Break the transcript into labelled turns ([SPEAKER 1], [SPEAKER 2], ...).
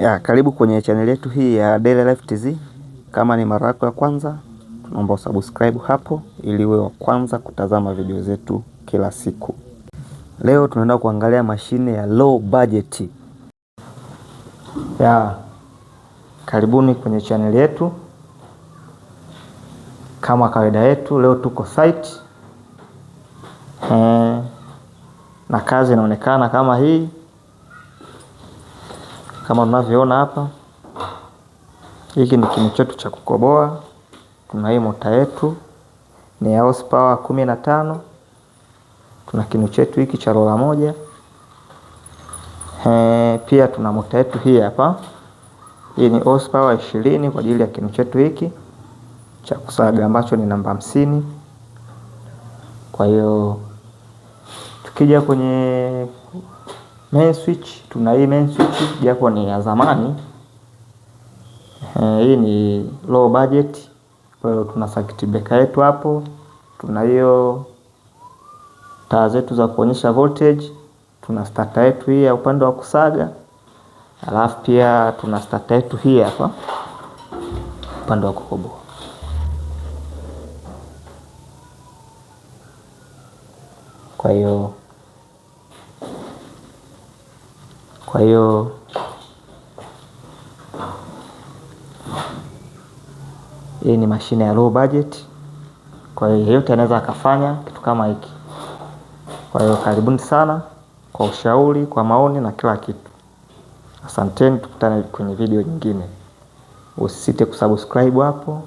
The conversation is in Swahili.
[SPEAKER 1] Ya, karibu kwenye chaneli yetu hii ya Daily Life TZ. Kama ni mara yako ya kwanza, tunaomba usubscribe hapo ili uwe wa kwanza kutazama video zetu kila siku. Leo tunaenda kuangalia mashine ya low budget. Ya, karibuni kwenye chaneli yetu. Kama kawaida yetu, leo tuko site. Eh, na kazi inaonekana kama hii kama unavyoona hapa, hiki ni kinu chetu cha kukoboa. Tuna hii mota yetu ni horsepower kumi na tano. Tuna kinu chetu hiki cha rola moja. He, pia tuna mota yetu hii hapa, hii ni horsepower ishirini kwa ajili ya kinu chetu hiki cha kusaga ambacho ni namba hamsini. Kwa hiyo tukija kwenye main switch, tuna hii main switch japo ni ya zamani eh, hii ni low budget. Kwa hiyo tuna circuit breaker yetu hapo, tuna hiyo taa zetu za kuonyesha voltage, tuna starter yetu hii ya upande wa kusaga, alafu pia tuna starter yetu hii hapa upande wa kukoboa. Kwa hiyo Kwa hiyo hii ni mashine ya low budget, kwa hiyo yeyote anaweza akafanya kitu kama hiki. Kwa hiyo karibuni sana kwa ushauri, kwa maoni na kila kitu. Asanteni, tukutane kwenye video nyingine. Usisite kusubscribe hapo.